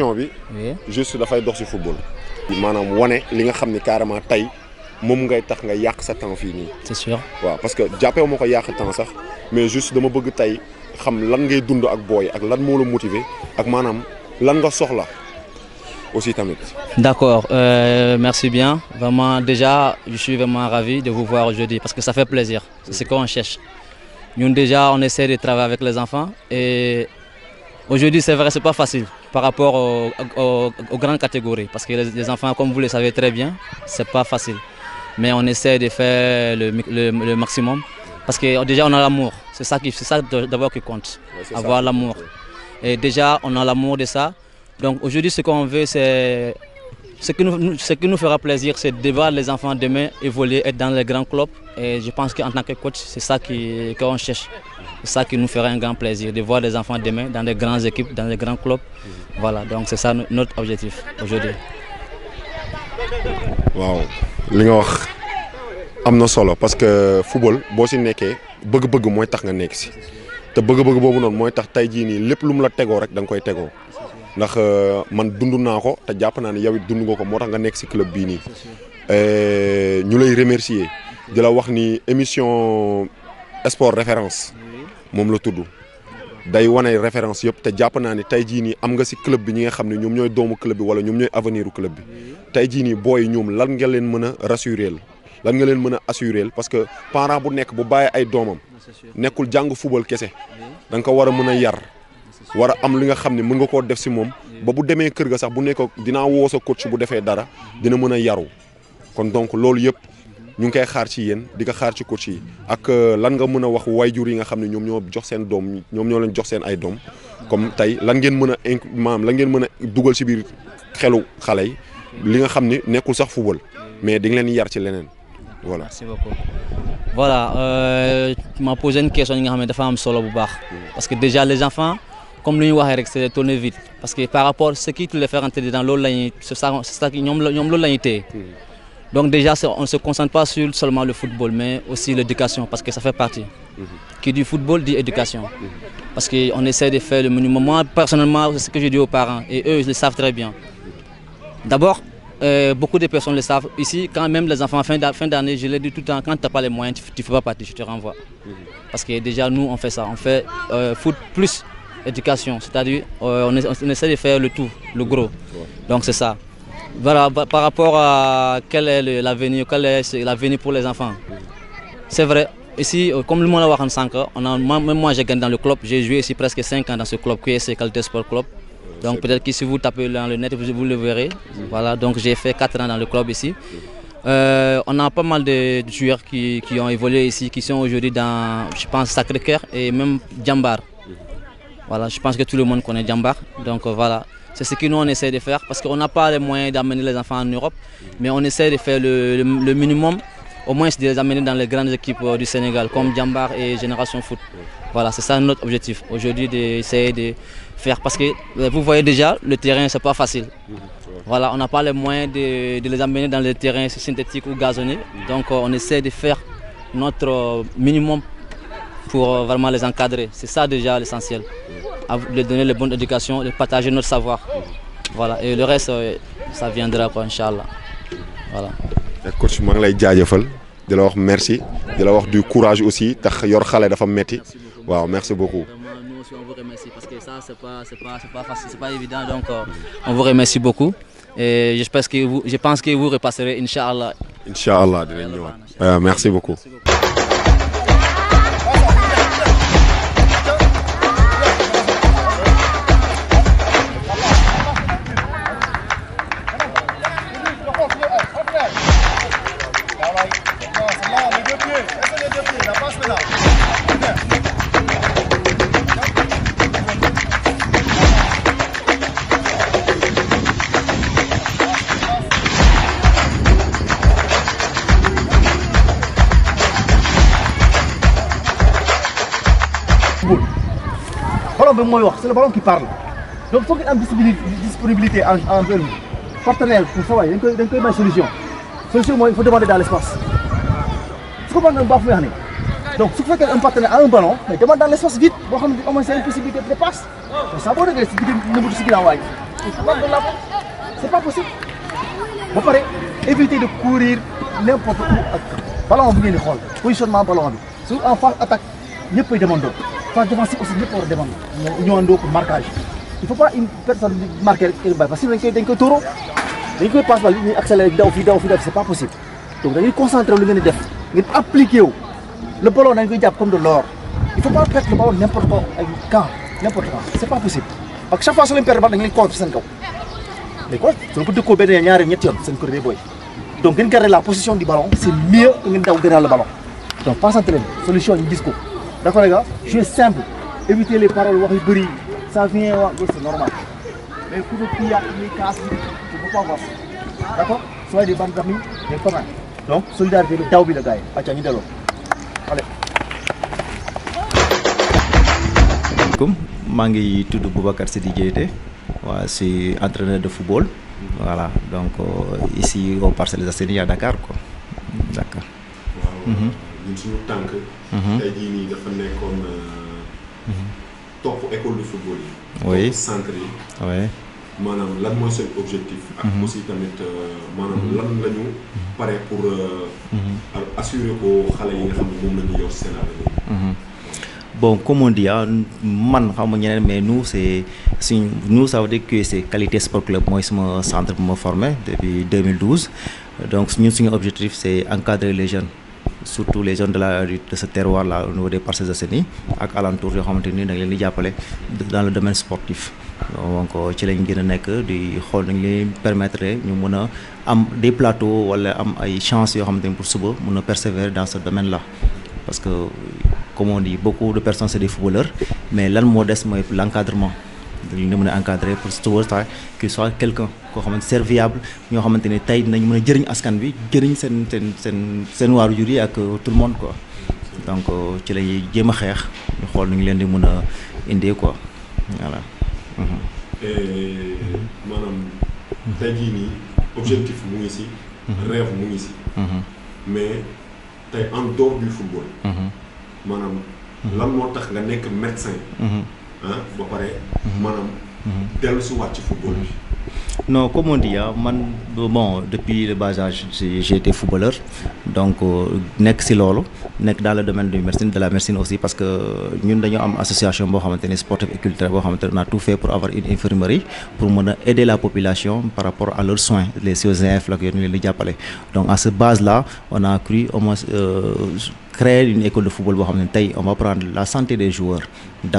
émission bi. juste dafay dox ci football. maanaam wane li nga xam ni carrément tey moom ngay tax nga yàq sa temps fii nii. c'est sûr waaw parce que jàppewu ma ko yàq temps sax mais juste dama bëgg tey xam lan ngay dund ak booy ak lan moo la motiver ak maanaam lan nga soxla. aussi tamit. D'accord, euh, merci bien. Vraiment, déjà, je suis vraiment ravi de vous voir aujourd'hui parce que ça fait plaisir. C'est ce qu'on cherche. Nous, déjà, on essaie de travailler avec les enfants Aujourd'hui, c'est vrai, c'est pas facile par rapport aux, aux, aux grandes catégories, parce que les, les, enfants, comme vous le savez très bien, c'est pas facile. Mais on essaie de faire le, le, le maximum, parce que déjà on a l'amour, c'est ça, qui, ça d'abord qui compte, ouais, avoir l'amour. Et déjà, on a l'amour de ça. Donc aujourd'hui, ce qu'on veut, c'est Ce qui, nous, ce qui nous fera plaisir, c'est de voir les enfants demain évoluer, dans les grands clubs. Et je pense qu'en tant que coach, c'est ça qu'on qu cherche. C'est ça qui nous fera un grand plaisir, de voir les enfants demain dans les grandes équipes, dans les grands clubs. Voilà, donc c'est ça notre objectif aujourd'hui. wax am na solo parce que football boo si nekkee bëgg-bëgg mooy tax nga nekk si te bëgg-bëgg boobu noonu mooy tax tey jii nii lépp lu mu la tegoo rek da nga koy tegoo ndax euh, man dund naa ko te jàpp naa ne yow it dund nga ko moo tax nga nekk si club bii nii euh, ñu lay remercier di la wax ni émission sport référence moom la tudd day wane référence yëpp te jàpp naa ni tey jii nii am nga si club bi ñi nga xam ne ñoom ñooy doomu club bi wala ñoom ñooy avenir u club bi tey ji nii booy ñoom lan nga leen mën a rassuré lan nga leen mën a assuré parce que parent bu nekk bu bàyyi ay doomam nekkul jàng football kese da ko war a mën a yar war am li nga xam ne mën nga koo def si moom ba bu demee kër ga sax bu nekk dinaa woo sa coach bu defee dara dina mën a yaru kon donc loolu yëpp ñu ngi koy xaar ci yéen di ko ci coach yi ak euh, lan nga mën a wax wayjur yi nga xam ne ñoom ñoo jox seen doom ñoom ñoo leen jox seen ay doom comme tey lan ngeen mën a inc maam lan ngeen mën a dugal si biir xelu xale yi li nga xam ni nekkul sax football mais di nga leen yar ci leneen voilà. merci beaucoup voilà euh, tu m'as posé question yi nga xam ne dafa am solo bu baax parce que déjà les enfants. comme lu ñu waxee rek c'est tournevis parce que par rapport ce qui les fait rentrer dedans loolu la ñuy c'est ça c'est ça ñoom la ñoom loolu hmm. donc on ne se concentre pas sur seulement le football mais aussi l'éducation parce que ça fait partie hmm. qui dit football dit hmm. parce que on essaie de faire le minimum moi personnellement c'est ce que je dis aux parents et eux le savent très bien d'abord euh, beaucoup de personnes le savent ici quand même les je te renvoie éducation, c'est-à-dire euh, on, on, essaie de faire le tout, le gros. Donc c'est ça. par rapport à quel est l'avenir, quel est l'avenir pour les enfants. C'est vrai, ici, euh, comme le monde a 5 même moi j'ai gagné dans le club, j'ai joué ici presque 5 ans dans ce club, QSC Qualité Sport Club. Donc peut-être que si vous tapez dans le net, vous, le verrez. Voilà, donc j'ai fait 4 ans dans le club ici. Euh, on a pas mal de joueurs qui, ont évolué ici, qui sont aujourd'hui dans, je pense, Sacré-Cœur et même Voilà, je pense que tout le monde connaît Donc euh, c'est ce que nous on essaie de faire parce qu'on n'a pas les moyens d'amener les enfants en Europe, mais on essaie de faire le, le, le minimum, au moins de les amener dans les grandes équipes euh, du Sénégal, comme Djambar et Génération Foot. Voilà, c'est de parce que euh, vous voyez le terrain c'est pas facile. Voilà, on n'a pas les amener dans les terrains synthétiques ou gazonnés, donc on essaie de faire notre minimum pour euh, vraiment les encadrer. C'est ça déjà l'essentiel. Leur donner les bonnes éducations, de partager notre savoir. Voilà, et le reste, euh, ça viendra, quoi, Inch'Allah. Voilà. Euh, coach, je lay jaajëfal di la wax merci di la wax du courage aussi tax yor xale dafa metti waaw merci beaucoup nous aussi on vous remercie parce que ça c'est pas c'est pas c'est pas facile évident donc on vous remercie beaucoup et je pense que vous je pense que vous allah Inch'Allah Inch'Allah dinañ ñëwaat merci beaucoup ballon bi mooy wax c'est le ballon qui parle donc il faut ngeen am disponibilité en en zone bi partenaire pour sa waay dañ koy dañ koy may solution solution mooy il faut demander dans su ko mën a fu muy wax nii donc su fekkee un partenaire a un ballon mais demande dans l'espace vite boo xam ne au moins c'est une possibilité de passe te saa boo réglé si diggante nëbbu si ginnaaw waay c'est pas possible ba pare éviter de courir n'importe où bu ballon bi xool di xool positionnement ballon bi su en face attaque ñëpp ay demandoo. Face devant si aussi ñëpp war a demoon ñoo ñëwandoo pour marquage il faut pas une personne marquer rek une balle parce que dañ koy dañ koy tóoroo dañ koy passe balle ñuy accéléré daw fii daw fii daw c'est pas possible donc dañuy concentré lu ngeen di def ngeen appliqué wu le ballon dañ koy jàpp comme de l'or il faut pas perdre le ballon n'importe quoi ay quand n'importe pas possible parce que chaque fois bal da ngeen contre seen kaw mais quoi soo dëkkoo benn ñaari ñetti yoon seen kuréel booy donc ngeen garder gis ko D'accord les gars Jouer simple, éviter les paroles, ça vient, c'est normal. Mais pour le prix, les casses, je ne peux pas voir ça. D'accord Soyez des bandes d'amis, des communs. Donc, solidarité, le taoubi le gars. Allez, Allez. maa ngi tudd Boubacar Sidi Diété waa si entraîneur de football voilà donc euh, ici au Parcelles Assainies à Dakar ñun suñu tànk. Mhm. tey jii nii dafa nekkoon euh, mhm. topp école de football yi. oui centre yi. oui maanaam lan mooy seen objectif. ak mhm. aussi tamit euh, maanaam lan la ñu pare pour. Euh, assurer ko xale yi nga xam ne moom la ñu yor seen avenir. bon comme on dit ah, mais nous c' est suñ nous ça veut dire que c' qualité sport club mooy sama centre bu ma formé depuis 2012 donc ñun suñu objectif c' est encadrer les jeunes. surtout les jeunes de la de ce terroir là au niveau des Parcelles Assainies ak alentour yoo xamante ni da nga leen di jàppale dans le domaine sportif donc ci lañ gën a nekk di xool nañ leen permettre ñu mën a am des plateaux wala am ay chances yoo xamante ni pour suba mun a persévérer dans ce domaine la parce que comme on dit beaucoup de personnes c'est des footballeurs mais lan moo des mooy l'encadrement da leen mën a encadrer pour sauvetage qu'il soit quelqu'un xamante serviable ñoo xamante ne tey dinañ mën a jëriñ askan bi jëriñ seen seen seen seen waaru jur yi ak euh, tout monde quoi donc euh, ci lañuy jéem a xeex ñu xool nu ñu leen di mën a indee quoi voilà. Mhm. maanaam tey jii nii objectif mu ngi si. Mhm. rêve mu ngi si. Mhm. mais tey en dehors du football. maanaam lan moo tax nga nekk médecin. ba pare. maanaam. dellu si waat ci football bi. non comme on dit ah man bon depuis le bas âge j'ai été footballeur donc euh, nekk si loolu nekk dans le domaine du médecine de la médecine aussi parce que ñun dañoo am association boo xamante ni sportive et culturelle boo xamante on a tout fait pour avoir une infirmerie pour mën a aider la population par rapport à leurs soins les COGF la ko ñu leen di jàppale donc à cette base là on a cru au moins. Euh, créer une école de football boo xam ne tey on va prendre la santé des joueurs d'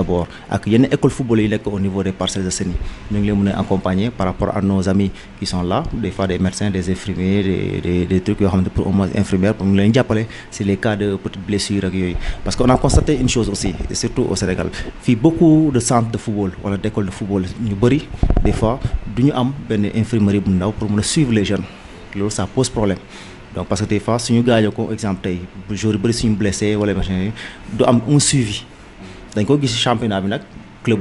ak yenn école football yi nekk au niveau des Parcelles Assainies ñu ngi leen mën a accompagner par rapport à nos amis qui sont là des fois médecins des infirmiers des des yoo xam ne pour au moins infirmière pour ñu leen jàppale si les cas de petites blessures ak yooyu. parce que on a constaté une chose aussi et surtout au Sénégal fii beaucoup de centres de football wala d' école de football ñu bëri des fois du ñu am benn infirmerie bu ndaw a suivre donc parce que des fois suñu gaañoo ko exemple tey jour yu bëri suñu blessé wala machin du am un ko gis championnat bi nag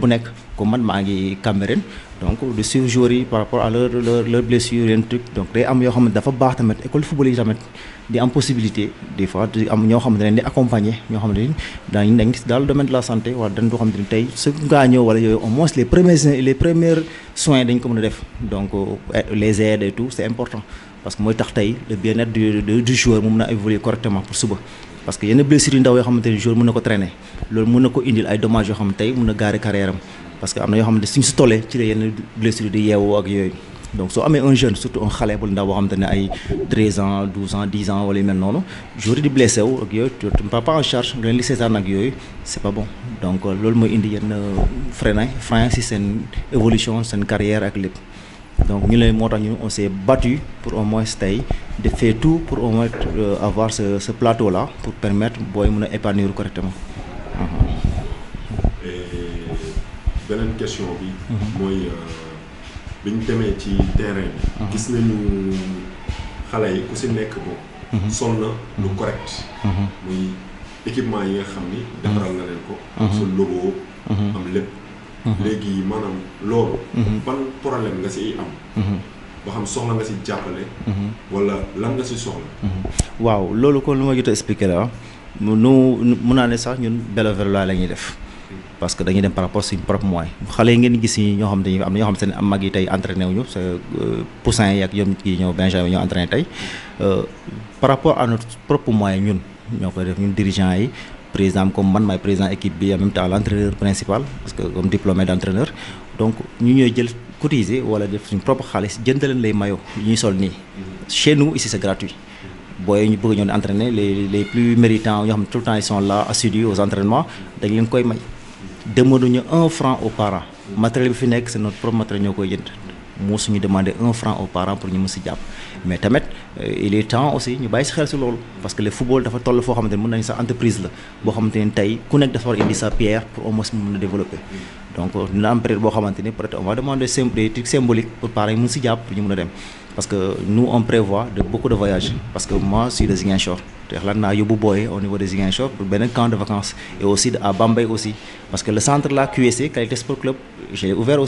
bu nekk comme maa ngi Cameroun donc de suivre joueurs yi par rapport à leur yoo xam ne dafa baax tamit école football yi tamit di am possibilité ñoo xam ne ñoo xam ne daañu nekk dans le domaine de la santé wala dañ doo xam ne tey su gaañoo wala yooyu au moins les premiers les premiers soins dañ ko mën a def donc euh, les aides et tout c'est important parce que mooy tax tey le bien-être du du joueur mu mën a évoluer correctement pour suba. parce que yenn blessures yu ndaw yoo xamante ne joueur mën na ko traîner loolu mën na ko indil ay dommages yoo xam ne tey mën na gaare carrière am parce que am na yoo xam ne suñ si tollee ci la yenn blessures di yeewoo ak yooyu. donc soo amee un jeune surtout un xale bu ndaw boo xamante ay 13 ans 12 ans 10 ans wala yu mel noonu jour di blessé ak yooyu tu en charge nga seen évolution seen ak lépp. donc ñu lay moo tax ñu on s'est battu pour au moins tey def fait tout pour au moins euh, avoir ce ce plateau là pour permettre booy mun a épanouir correctement. beneen question bi. Mhm. mooy euh, bi demee ci terrain bi. Mhm. gis nañu xale yi ku si nekk moom. sol na lu mhm. correct. muy équipement yi nga xam ni. defaral na leen ko. sa logo am lépp. Mhm. léegi maanaam loolu. Mhm. ban problème nga siy am. Mhm. ba xam soxla nga si jàppale. wala lan nga si soxla. waaw loolu ko lu ma jot a expliqué la ah nu mun naa ne sax ñun vélo vélo la ñuy def. parce que dañuy dem par rapport suñu propre moyen xale yi ngeen gis ñi ñoo xam dañuy am na ñoo xam seen am mag yi tey entraîné wuñu sa euh, poussin yi ak yom kii ñëw yi ñoo entraîné tey euh, par rapport à notre propre moyen ñun ñoo koy def ñun dirigeant yi président comme man maay président équipe bi en même temps l' entraîneur principal parce que comme diplômé d' entraîneur donc ñu ñooy jël cotiser wala def suñu propre xaalis jëndaleen lay mayo ñuy sol nii chez nous ici c' gratuit booy ñu bëgg ñoo di entraîner les plus méritants ñoo xam ne temps aux entraînements dañ leen koy may demanduñu un franc aux parents matériel bi fi nekk c' est notre propre ñoo koy jënd moo suñu un franc aux parents pour ñu mën mais tamit euh, il est temps aussi ñu bàyyi si xel si loolu parce que le football dafa toll foo xamante ne mën nañu sax entreprise la boo xamante ne tey ku nekk dafa war indi sa pierre pour au moins a développer donc si jàpp ñu mun a dem parce que nous on prévoit de beaucoup de voyages parce que moi je de Ziguinchor te xalaat naa yóbbu booyee au niveau de Ziguinchor benn camp de vacances et aussi à Bambey aussi parce que le centre là QSC Qualité Sport Club j'ai ouvert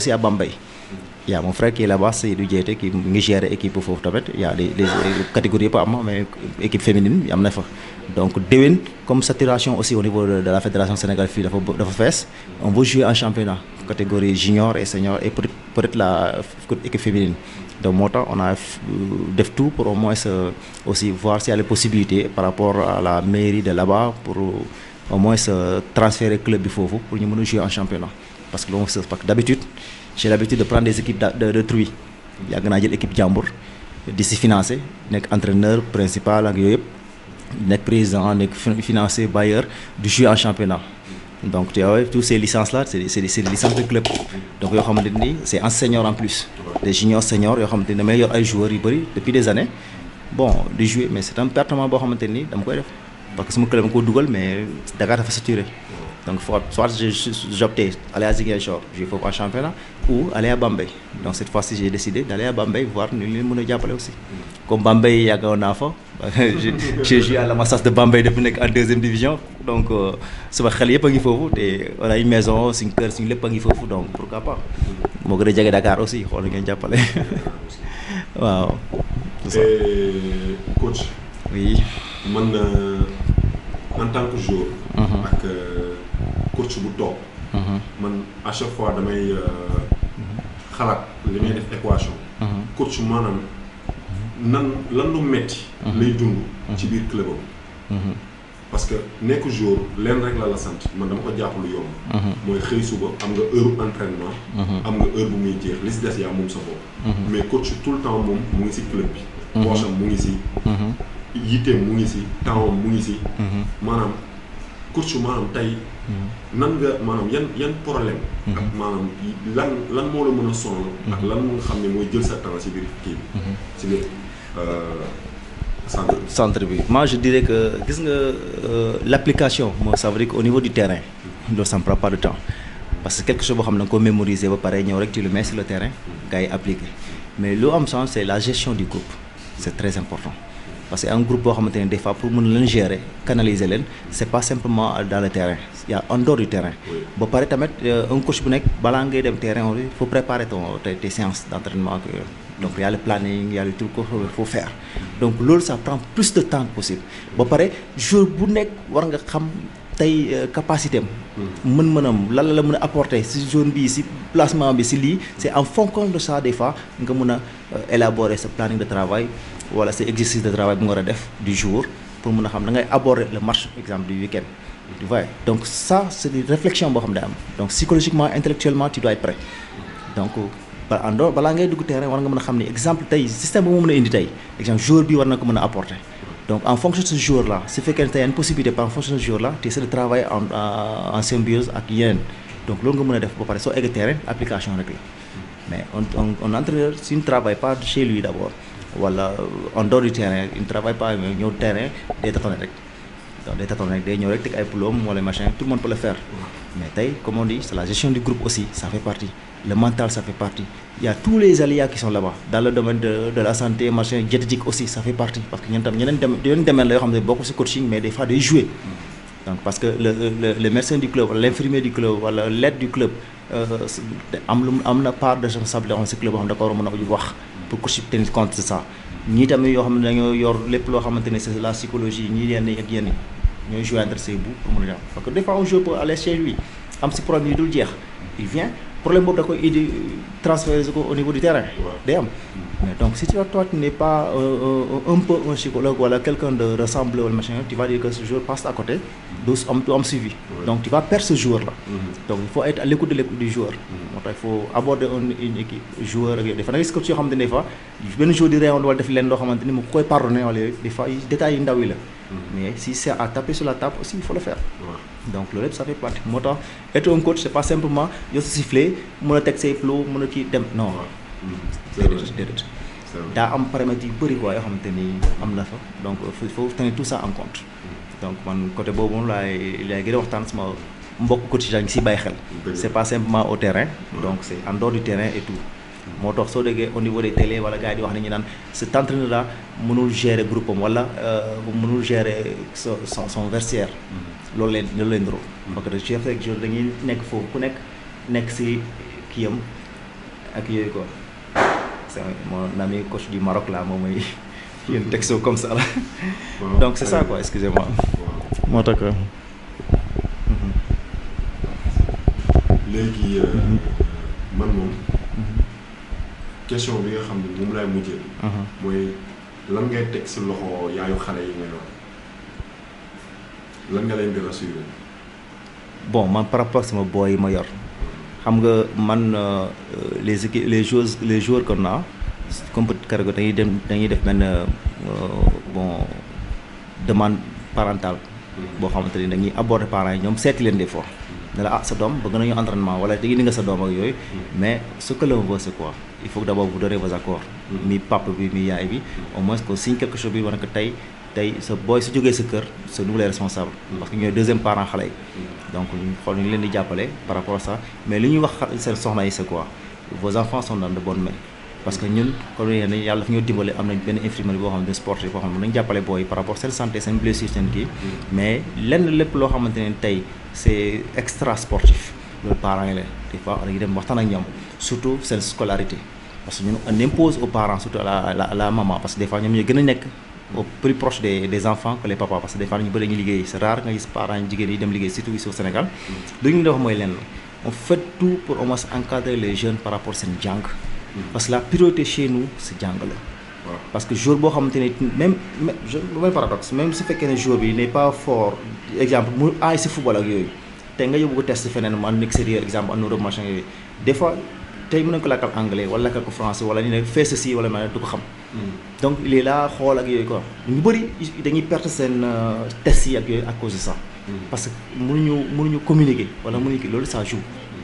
yaa a mon frère qui est là-bas Seydou Diété qui mu ngi gérer équipe bu foofu tamit y' a les les catégories yëpp am mais équipe féminine am na fa. donc déwén comme saturation aussi au niveau de la fédération Sénégal fii dafa dafa fees on veut jouer en championnat catégorie junior et senior et peut-être peut la équipe féminine. donc moo tax on a def tout pour au moins aussi voir s'il y possibilités par rapport à la mairie de là-bas pour au moins transférer club bi foofu pour ñu mën a jouer en championnat parce que loolu c'est parce j'ai l'habitude de prendre des équipes de d'autrui yàgg naa jël équipe jàmbur di si financer nekk entraîneur principal ak yooyu yëpp nekk président nekk financier bailleur du jouer en championnat donc te vois tous ces licences là c'est c'est de club donc yoo xamante ni c'est en senior en plus des juniors seniors yoo xamante ni damay yor ay joueurs yu bëri depuis des années bon di jouer mais c'est un département boo xamante ni dama koy def parce que sama dugal mais Dakar Donc, faut, soit j'optais aller à Ziguinchor, j'ai fait un championnat, ou aller à Bambay. Donc, cette fois-ci, j'ai décidé d'aller à Bambay voir Nulil Mounodiapole aussi. Comme Bambay, il y a un enfant, j'ai joué à la Massas de Bambay depuis en deuxième division. Donc, c'est euh, xel chalier pas qu'il faut Et on a une maison, c'est une cœur, c'est une pas qu'il faut Donc, pourquoi pas Moi, je suis Dakar aussi, on a gagné Waouh. Coach. Oui. Moi, euh, en tant que joueur, mm-hmm. euh, coach bu toog. Mhm. man à chaque fois damay euh, xalaat li may def équation. Mhm. coach maanaam nan lan lu metti mhm. lay dund. ci biir club am parce que nekk jour leen rek la la sant man dama ko jàpp lu yomb. mooy xëy suba am nga heure bu muy jeex li si des yaa moom sa bopp. mais coach tout le temps moom mu ngi si club bi. poosam mu ngi si. yitteem mu ngi si temps mu ngi si. maanaam coach maanaam tey. Hmm. nan nga maanaam yan yan problème hmm. maanaam lan lan moo la mën a sonal hmm. ak lan mu nga xam ne mooy jël sa temps si biir kii bi si biir euh, centre centre bi moi je dirais que gis nga euh, l'application moo ça veut dire qu'au niveau du terrain loolu ça ne prend temps parce quelque chose boo xam ne nga ko mémoriser ba pare ñëw rek tu le mets sur le terrain gars yi appliqué mais lu am sens c'est la gestion du groupe c'est très important parce que un groupe boo xamante ne des fois pour leen gérer canaliser leen c'est pas simplement terrain yaa en dehors du terrain. ba pare tamit euh, un coach bu nekk balaa ngay dem terrain il faut préparer ton tes tes séances donc yàlla a le planning y a le truc qu'il faut faire donc loolu ça prend plus de temps possible ba pare jour bu nekk war nga xam. tey euh, capacité am. Hmm. mën-mënam lan la mën a apporter si zone bi si placement bi si lii c'est en fonction de ça des fois nga mën a euh, élaborer sa planning de travail wala sa exercice de travail bu nga war a def du jour pour mën a xam da le match exemple du week tu vois donc ça c'est des réflexions boo xam ne am donc psychologiquement intellectuellement ti dois être prêt donc ba àndoo balaa ngay dugg terrain war nga mën a xam ne exemple tey système bu mu mën a indi tey exemple joueur bi war na ko mën a apporter donc en fonction de ce joueur là fekkee tey y a une possibilité par en fonction de ce joueur là tu essaies de en en ak yeneen donc loolu nga mën a def ba pare soo egg terrain application rek la mais on on on entraîneur s'il ne travaille pas chez wala en dehors du terrain il ñëw terrain day rek. donc day tâtonner rek ñëw rek teg ay ploom wala machin tout le monde peut le faire mais tey comme on dit la gestion du groupe aussi ça fait partie le mental ça fait partie il tous les aléas qui sont là dans le domaine de la santé machin diététique aussi ça fait partie parce que ñun tam ñeneen dem la yoo xam ne bokkul ci coaching mais des fois day jouer donc parce que le le le médecin du club wala l'infirmier du club wala l'aide du club euh, am lu am na part xam ne da ko war a ñooy joindre say bout parce que des un joueur peut aller chez lui am si problème yi dul jeex il vient problème boobu da koy indi euh, transférer ko au niveau du terrain day am mais donc si tu as toi tu pas euh, euh, un peu psychologue wala quelqu'un de ressemble wala machin tu vas dire que ce joueur passe à côté du am du am suivi donc tu vas perdre ce joueur mm-hmm. donc il faut de mm-hmm. aborder une équipe joueur ak yooyu des fois nga gis ko ci yoo xamante ne des fois benn joueur di réewoon wala def leen loo xamante ni mu koy pardonné wala ndaw yi la Mhm. mais si c'est à taper sur la table aussi il faut le faire donc loolu yëpp ça fait partie moo tax être un coach c'est pas simplement yow sa sifflet mën a teg say flow mën a kii dem non mhm. daa am paramètres yu bëri quoi yoo xamante ni am na fa donc il euh, faut tenir tout ça en compte mhm. donc man côté boobu moom laay laay gën a waxtaan sama mbokk coach si bàyyi xel c'est pas simplement au terrain donc c'est en dehors du terrain et moo tax soo déggee au niveau des télé wala gars yi di wax ne ñu naan cet entraîneur là mënul gérer groupe am wala euh, mënul gérer son son son vestiaire. Mm-hmm. lool leen loolu leen doro. Mm-hmm. parce que chef ak joueur dañuy nekk foofu ku nekk nekk si kii am ak yooyu quoi. c'est mon ami coach du Maroc là moom mooy yéen comme ça là. donc c'est ça euh, quoi excusez moo tax. Mm-hmm. Euh, question bi nga xam ne moom laay mujjee. Mhm. mooy lan ngay teg si loxo yaayu xale yi ngay wax lan nga leen di rassuré. bon man par rapport sama boy yi ma yor xam nga man euh, les équipes les joueurs les jours qu'on a comme Kargo dañuy dem dañuy def benn euh, bon demande parentale. Mhm. boo xamante ni dañuy aborder parents yi ñoom seeti leen des fois. ne la ah sa doom bëgg nañu entraînement wala indi nga sa doom ak yooyu. Hmm. mais ce que l'on quoi il faut que d'abord vous donnez vos hmm. mi papa bi mi yaay bi. au moins que signe quelque chose bi war ko tey tey sa booy su jógee sa kër sa nouveau responsable. Hmm. parce que ñooy deuxième parent xale yi. donc ñu xool ñu leen di jàppale par rapport à mais li ñuy wax seen soxna yi c'est quoi vos enfants sont dans de bonnes mains. parce que ñun comme yéen dafa ñoo dimbale am nañ benn infirmerie boo xam ne sportif boo xam ne jàppale booy par rapport seen santé seen blessure seen kii mais lenn lépp loo xamante ne tey c'est extra sportif loolu parents yi la des ñu bëri ñu liggéey c'est rare nga gis parents jigéen yi dem liggéey surtout ici lu ñu la wax mooy lenn on fait tout pour au moins encadrer les par rapport seen jàng. parce que la priorité chez nous si jàng la. parce que jour boo xamante ne même même paradoxe même su fekkee ne jour bi n'est pas fort exemple mu aay si football ak yooyu te nga yóbbu ko test feneen mu en extérieur exemple en Europe machin yooyu des fois tey mën nañu ko lakkal anglais wala lakkal ko français wala ñu ne fais ceci wala ma ne du ko xam. Hmm. donc il est là xool ak yooyu quoi ñu bëri dañuy perte seen euh, test yi ak yooyu à cause de ça. Hmm. parce que mënuñu mënuñu communiquer wala mënuñu kii loolu ça joue.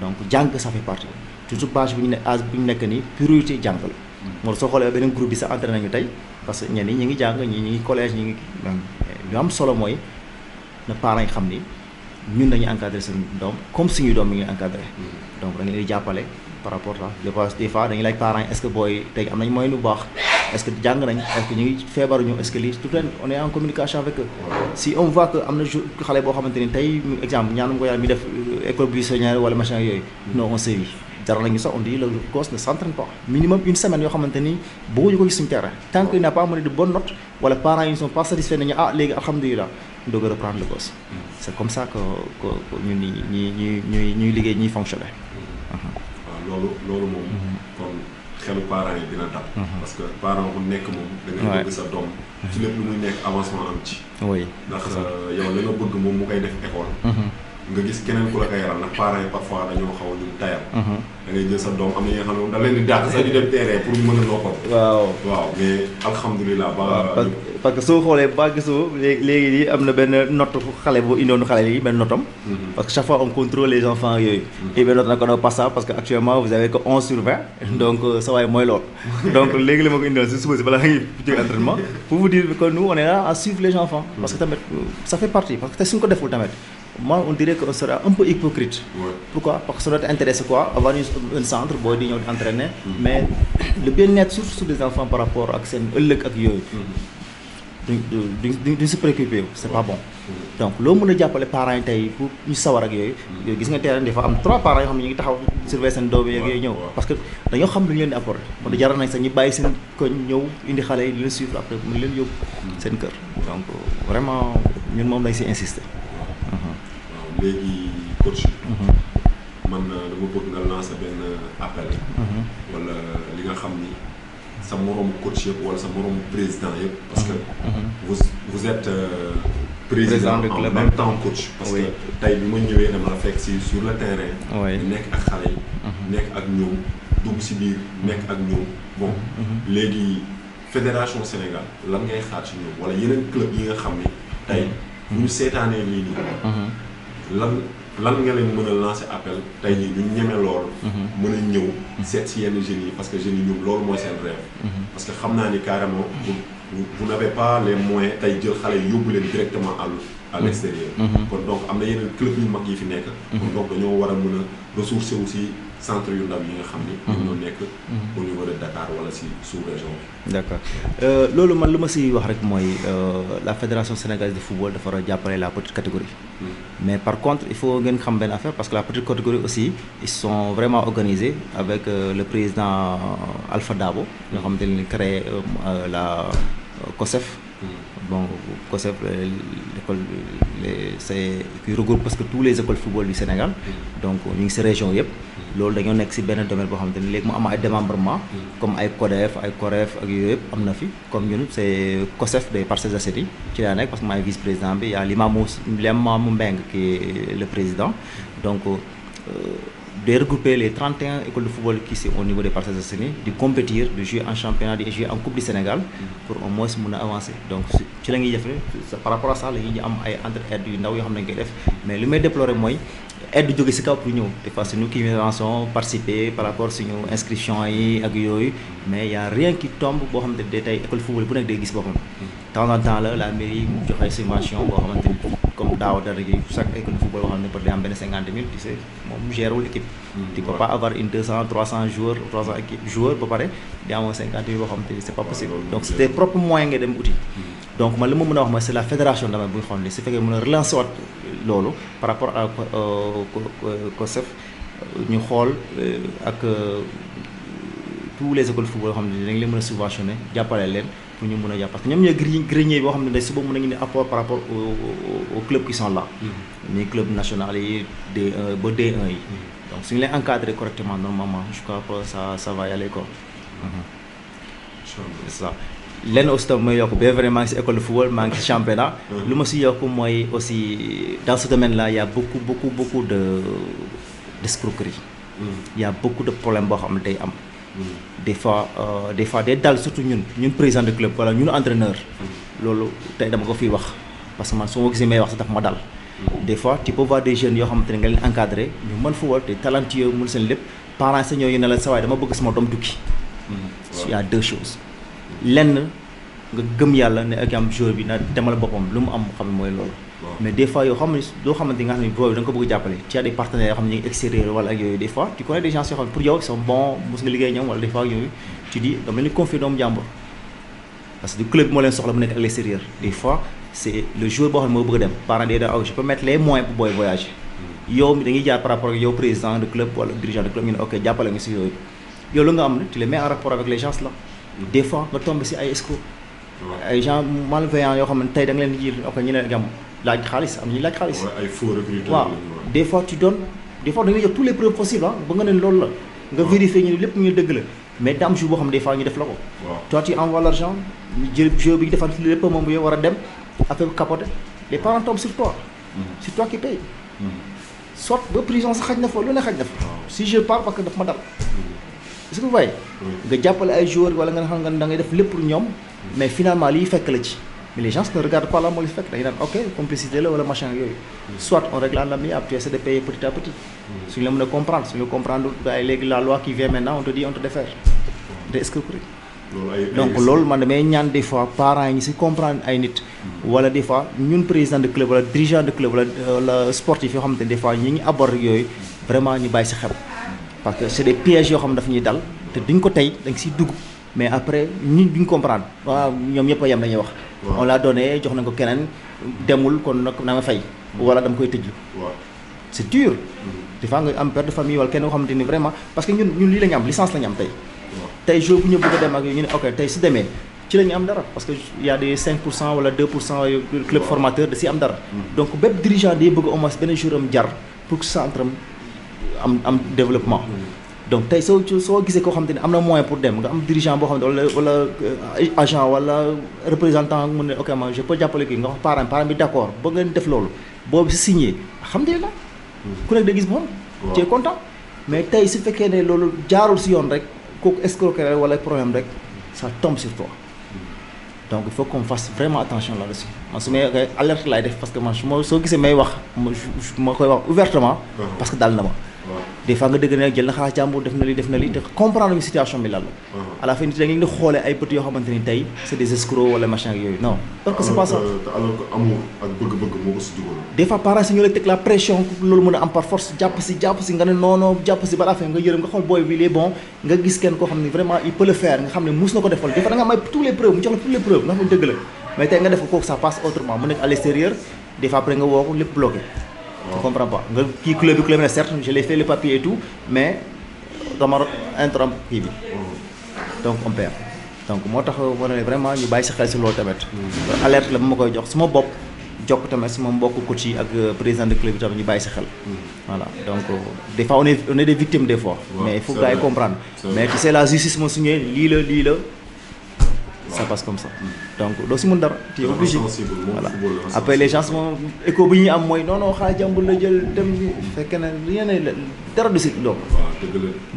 donc jàng ça fait partie toujours bâche bu ñu ne ñu nekk nii priorité jàng la. moo soo xoolee beneen groupe bi sax entraîné nañu tey parce que ñenn ñi ñu ngi jàng ñi ngi collège ñi ngi lu am solo mooy na parents yi xam ni ñun dañuy encadré seen doom comme suñuy doom mi ngi encadré. donc dañu leen jàppale par rapport à des dañuy laaj parents yi booy tey am nañ moyen bu baax est jàng nañ est ce ñu ngi feebaruñu est ce que lii tout le temps en communication avec si on boo xamante ni tey exemple ñaanum ko yàlla école buissonnière wala machin yooyu non on sévit dara la ñu sax on dit le gosse ne s'entraîne pas minimum une semaine yoo xamante ni bëgguñu ko gis suñu terrain tant que il n'a ah, a reprendre le gosse mm. c'est comme ça que que que ñun ñi ñuy ñuy ñuy liggéey ñuy fonctionner waaw mm. uh-huh. ah, loolu loolu moom mm-hmm. kon xelu parents yi dina dal mm-hmm. parce que parent bu nekk moom da bëgg sa doom ci lépp lu muy nekk avancement am ci oui ndax euh, yow la nga bëgg moom mu koy def école mm-hmm. nga gis keneen ku la ko yaral nag parents parfois dañoo xaw a ñu tayal. Mhm. da ngay jël sa doom am na ñi nga xam ne leen di dàq sax di dem pour mën a noppal. waaw waaw mais alhamdulilah. parce que soo xoolee ba gisoo léegi nii am na benn note xale bu indoon xale yi benn notam. Mhm. parce que chaque fois on contrôle les enfants yooyu. Mhm. et benn note na ko noo passant parce que actuellement vous donc euh, sa waay mooy lool. donc léegi la ma ko indoon si moi on dirait qu'on sera un peu hypocrite. Ouais. Pourquoi Parce que ça doit intéresser quoi Avoir une, centre, boy, d'union d'entraîner, mm. mais le bien-être surtout des enfants par rapport à ce qu'ils duñ si préoccupé wu c' est pas bon donc loo mën a jàppale parents yi tey pour ñu sawar ak yooyu mm-hmm. yooyu gis nga terrain dafa am trois parents yoo xam ni ñu ngi taxaw surveiller seen doom yeeg yooyu ñëw parce que dañoo xam lu ñu leen di apporté kon mm-hmm. da jaral nañ sax mm-hmm. donc vraiment ñun moom lañ si insister léegi coach. Mhm. man euh, dama bëgg nga lancer benn appel. Mhm. wala li nga xam ni sa moroom coach yëpp wala sa moroom président yëpp. parce que mhm. vous vous êtes. Euh, président de club en même temps coach. parce que tey bi ma ñëwee dama fekk si sur le terrain. nekk ak xale yi. nekk ak ñoom dugg si biir nekk ak ñoom bon. léegi fédération Sénégal lan ngay xaar ci ñoom wala yeneen club yi nga xam ni tey. bu ñu seetaanee lii nii. lan lan nga leen mën a lancer appel tey jii ñu ñeme loolu. Mhm. mën a ñëw. Mhm. seet si yenn jeunes parce que jeunes ñoom loolu mooy seen rêve. Mhm. parce que xam naa ni carrément. vous vous n'avez pas les moyens tey jël xale yóbbu leen directement à à l'extérieur. kon donc am na yeneen club yu mag yi fi nekk. kon donc dañoo war a mën a ressourcer aussi. centre yu ndaw yi nga xam ni. Mhm. ñoo nekk mhm. au niveau de Dakar wala si sous-région bi. d' euh, loolu man lu ma si wax rek mooy euh, la fédération sénégalaise de football dafa war a jàppale la petite catégorie. Mhm. mais par contre il faut ngeen xam benn affaire parce que la petite catégorie aussi ils sont vraiment organisés avec euh, le président Alpha Dabo. nga xam te ni créé la COSEF. bon COSEF l'école c'est qui regroupe parce que tous les écoles football du Sénégal. donc ñu ngi si région yëpp. loolu dañoo nekk si benn domaine boo xamante ni léegi mu am ay démembrement comme ay CODEF ay COREF ak yooyu yëpp am na fi comme ñun c' est COSEF des parcelles assainies ci laa nekk parce que maay vice président bi y' a Limamou Limamou Mbengue qui est donc euh, de regrouper les 31 écoles de football qui sont au niveau des parcelles assainies de compétir de jouer en championnat de jouer en coupe du Sénégal pour au moins mun a avancer donc ci la ñuy def par rapport à ça la am ay entre-aides yu ndaw yoo xam ne dañ koy def mais li may déplorer mooy aide du jóge si kaw pour ñëw des fois c'est nous qui participer par rapport suñu inscription yi ak yooyu mais y a rien qui tombe boo xamante ne tey école football bu nekk day gis boppam temps en temps la la mairie mu joxe subvention boo xamante ni comme daaw dara gi chaque école football boo xam ne peut am benn cinquante mille tu sais moom gérewul équipe hmm. tu peux avoir une trois cent joueurs trois cent équipe joueurs ba pare di donc man li ma mën a wax mooy c'est la fédération damay bu ñu ni su fekkee mën a relancer waat loolu par rapport à euh, COSEF ñu xool euh, ak euh, tous les écoles football yoo xam ne dinañ leen mën a subventionné jàppale leen pour ñu mën a jàpp parce que ñoom ñooy grenier boo xam ne day suba mën nañu ne apport par rapport au club qui sont là ñuy mm-hmm. club national yi D ba de 1 yi mm-hmm. donc suñu leen encadré correctement normalement je crois que ça ça va y lenn aussi tam may yokk bien vrai maa ngi si école de football maa ngi si championnat. Mm-hmm. lu ma si yokk mooy aussi dans ce la là y' a beaucoup beaucoup beaucoup de d' escroquerie. Mm-hmm. y' a beaucoup de problèmes boo xam ne day am. Mm-hmm. des fois euh, des fois day dal ñun ñun président de club wala ñun entraîneur. loolu tey dama ko fiy wax parce que man su ma gisee may wax sax daf ma dal. des fois tu peux voir des jeunes yoo xamante ne nga leen encadré ñu mën football te talentueux mën seen lépp parents yi sa ñooñu ne la sa sama doom tukki. il y a deux lenn nga gëm yàlla ne ak am joueur bi na demal boppam lu mu am xam mooy loolu. mais des fois yoo xam ne loo xamante nga xam ne boobu da nga ko bëgg a jàppale ci des partenaires yoo ne ñu doomu jàmbur parce que du club bi moo leen soxla mu nekk ak l'extérieur des fois c'est le joueur boo xam moo bëgg dem parent day aw je peux les moyens pour booy voyager hmm. yow mi dañuy jaar par rapport yow président de club wala dirigeant de club ñu ne ok jàppale nga si yow la des fois nga tombé si ay escrocs. ay gens malveillants yoo xam ne tey da leen di ji ok ñu ne la laaj xaalis am ñuy laaj xaalis. ay faux recruteurs waaw des fois tu donnes des fois da ngay jël tous les ah, ba nga ne loolu la. nga vérifier ñu lépp ñu dëgg la mais daa am boo xam ne des ñu def la ko. waaw toi tu envoies l' argent ñu jël jeu bi ñu defal lépp moom yow war a dem affaire bi capote les parents tombent sur toi. Mm-hmm. c'est toi qui paye. Mm-hmm. soit ba prison sa xaj na fa lu ne xaj na fa. ma dal. Mm-hmm. est-ce que nga jàppale ay joueurs wala nga xam nga da ngay def lépp ñoom mais finalement liy fekk la ci mais les gens ne regardent pas la moo li fekk dañu naan ok complicité la wala a comprendre suñu la comprendre waaye léegi la loi qui vient maintenant on te dit on te défère de est-ce que man damay ñaan des fois yi ñu si comprendre ay nit mm. wala des ñun président de club wala dirigeant de club wala euh, sportif yoo xamante ne des fois ñi ngi aborde yooyu mm. vraiment ñu bàyyi si xel parce que c'est des pièges yoo xam ne daf ñuy dal te duñ ko tey da nga dugg mais après ñun duñ comprendre waaw ñoom ñëpp a yem la wax. on l'a donné jox nañ ko keneen demul kon nag na nga fay. wala dama koy tëj. waaw c'est dur. Mm-hmm. des fois nga am père de famille wala kenn koo xamante ni vraiment parce que ñun ñun lii la am licence la am tey. tey jour bu ñu bëgg dem ak ñu ne ok tey su demee ci la ñu am dara parce que y a des pour cent wala 2 pour cent club formateur da am am développement. Mm. donc tey soo soo gisee koo xamante ni am na moyen pour dem nga am dirigeant boo xam ne wala wala euh, agent wala représentant mu ne ok ma je peux jàppale kii nga wax parent parent bi d' accord ba ngeen def loolu boobu si signé alhamdulilah. Mm. ku nekk da gis moom. waaw cee content mais tey su fekkee ne loolu jaarul si yoon rek kooku escroquerie wala problème rek ça tombe sur toi. Mm. donc il faut qu'on fasse vraiment attention là-dessus man su may alerte laay def parce man soo gisee may wax ma koy wax ouvertement uh-huh. parce que dal na ma. des fois nga dëgg ne jël na xaalis jàmbur def na li def na li te comprendre ñu situation bi lan la. Uh-huh. à nit da ngeen di xoolee ay bët yoo xamante ni tey c'est des escrocs wala machin ak yooyu non. parce euh, parents si ñoo lay teg la pression loolu mën a am par jàpp si jàpp si nga ne non non jàpp si ba la fin nga yërëm nga xool booy bi il bon nga gis kenn koo xam ne vraiment il peut le faire nga xam ne mus na ko defal des fois da nga may tous les preuves mu Je comprends pas nga club bi club na certes je l'ai fait le papier et tout mais dama intram kii bi donc on perd donc moo tax ma ne vraiment ñu bàyyi si xel si loolu tamit alerte la bu ma koy jox suma bopp jokk tamit sama mbokk coach yi ak euh, président de club yi tamit ñu bàyyi si xel voilà donc euh, des fois on est on est des victimes mais il faut comprend mais tu sais justice moom su lii la lii la ça passe comme ça donc doo si mën dara tu es obligé voilà après les gens moom écho bi ñuy am mooy non non la jël dem fekkee ne rien ne dara du si loolu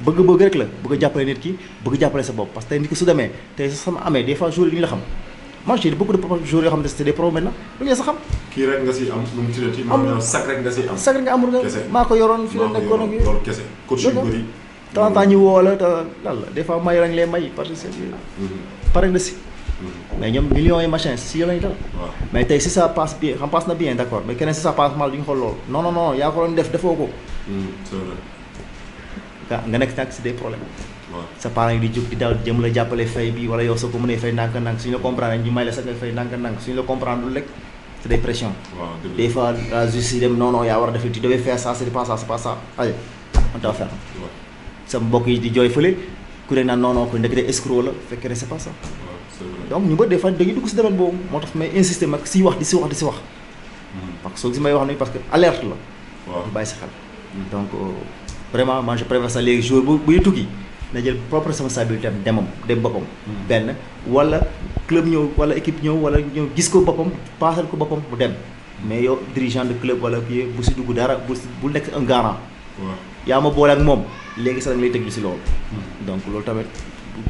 bëgg bëgg rek la bëgg jàppale nit ki bëgg jàppale sa bopp parce que tey nit ki su demee tey sama amee des fois jour yi ñu la xam moi j'ai beaucoup de jours yoo xam ne c'est des problèmes maintenant lu ñu sa xam kii rek nga si nga maa ko yoroon fi la nekkoon ak loolu kese coach woo la la mais ñoom millions yi machin si yow lañu dal mais tey si ça passe bien xam passe na bien d' accord mais keneen si ça passe mal du ñu loolu non non yaa ko def defoo ko nga nekk nag si des problèmes sa parents yi di jóg di daal jëm la jàppale fay bi wala yow soo ko mënee fay ndànk-ndànk suñu la comprendre ñu may la sax nga fay ndànk-ndànk suñu la comprendre lu dem non yaa war a def tu devais faire ça c' est pas ça c' est pas ça allez on t'a fait sa mbokk yi di jooy fële ku ne naan donc ñu bëri des fois dañuy dugg si domaine boobu moo tax may insister mag si wax di si wax di si wax. Hmm. parce que soo gis may wax nii parce que alerte la. waaw bàyyi si xel. donc euh, vraiment man je préfère ça léegi jour bu buy tukki na jël propre responsabilité am demam dem boppam. Hmm. benn wala club ñëw wala équipe ñëw wala ñëw gis ko boppam paasal ko boppam mu dem mais yow dirigeant de club wala kii bu si dugg dara bu si bu nekk un garant. waaw yaa ma boole ak moom léegi sax lay teg si loolu. Hmm. donc loolu tamit.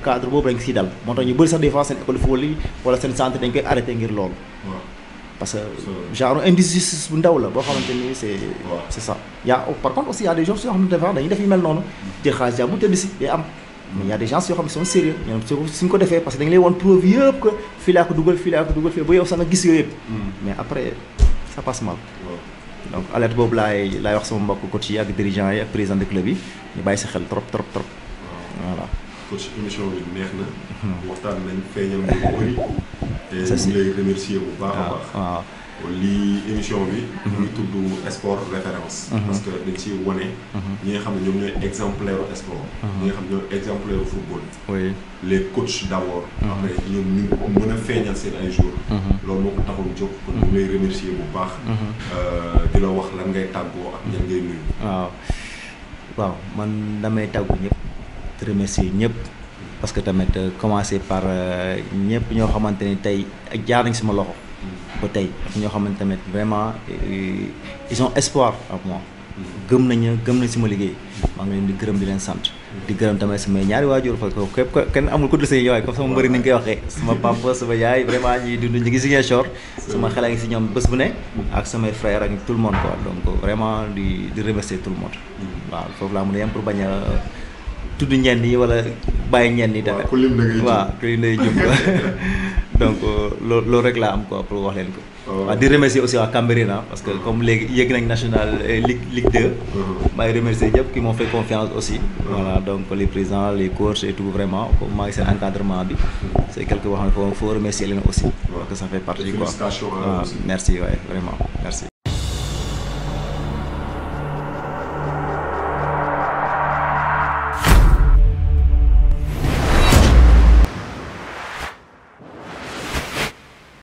cadre boobu dañ siy dal moo tax ñu bëri sax des fois seen école football yi seen santé dañ koy arrêté ngir loolu. parce que genre injustice bu ndaw la boo xamante ni c' est. c' a par contre aussi y' a des gens yoo xam ne dafa dañuy def yu mel noonu. jël xaalis jàmm tëdd si day am. mais y' a des gens yoo xam ne sont sérieux ñoom suñ ko defee parce que dañu lay woon preuve yëpp que fii laa ko dugal fii laa ko dugal fii ba yow sax nga gis yooyu yëpp. Mm. mais après ça passe mal. donc wax sama mbokk coach yi ak dirigeant yi ak président de club yi coach émission bi neex na. Hmm. waxtaan nañ feeñal mu bëri. te ñu lay remercier bu baax a baax. waaw lii émission bi. Hmm. mu ngi tudd sport référence. Hmm. parce que dañ ciy wane. ñi nga xam ne ñoom ñooy exemplaire sport. ñi nga xam ne ñooy exemplaire football. oui les coachs après ñoom ñu mën a feeñal seen ay jours. loolu moo ko taxoon jóg. kon ñu lay remercier bu baax. Euh, di la wax lan ngay tàggoo ak ñan ngay nuyu. waaw man damay tàggu ñëpp. remercier ñëpp parce que tamit euh, commencé par euh, ñëpp ñoo xamante ni tey jaar nañ sama loxo ba tey ñoo xamante tamit vraiment euh, ils ont espoir en moi gëm nañu gëm nañ sama liggéey maa ngi leen di gërëm di leen sant di gërëm tamit samay ñaari waajur parce que kenn amul ku dul say yaay comme sama mbëri ni ñu koy waxee sama papa sama yaay vraiment ñuy dund ñu ngi si Ziguinchor sama xel a si ñoom bés bu ne ak samay frère ak tout le donc vraiment di di remercier tout le monde foofu laa mën a yem pour bañ tudd ñenn yi wala bàyyi ñenn yi tamit. waaw ku lim da ngay jëm donc euh, loo loolu rek laa am quoi pour wax leen ko. Oh. waaw di remercier aussi waa Cambérène ah, parce que comme léegi yéeg nañ national euh, ligue ligue 2. Mm-hmm. maay remercier ñëpp qui m'ont fait confiance aussi. Mm-hmm. voilà donc les présidents les coachs et tout vraiment comme maa ngi seen encadrement bi. Mm-hmm. c' quelque wax ne foo foo remercier leen aussi. parce que ça fait partie quoi merci waay vraiment merci.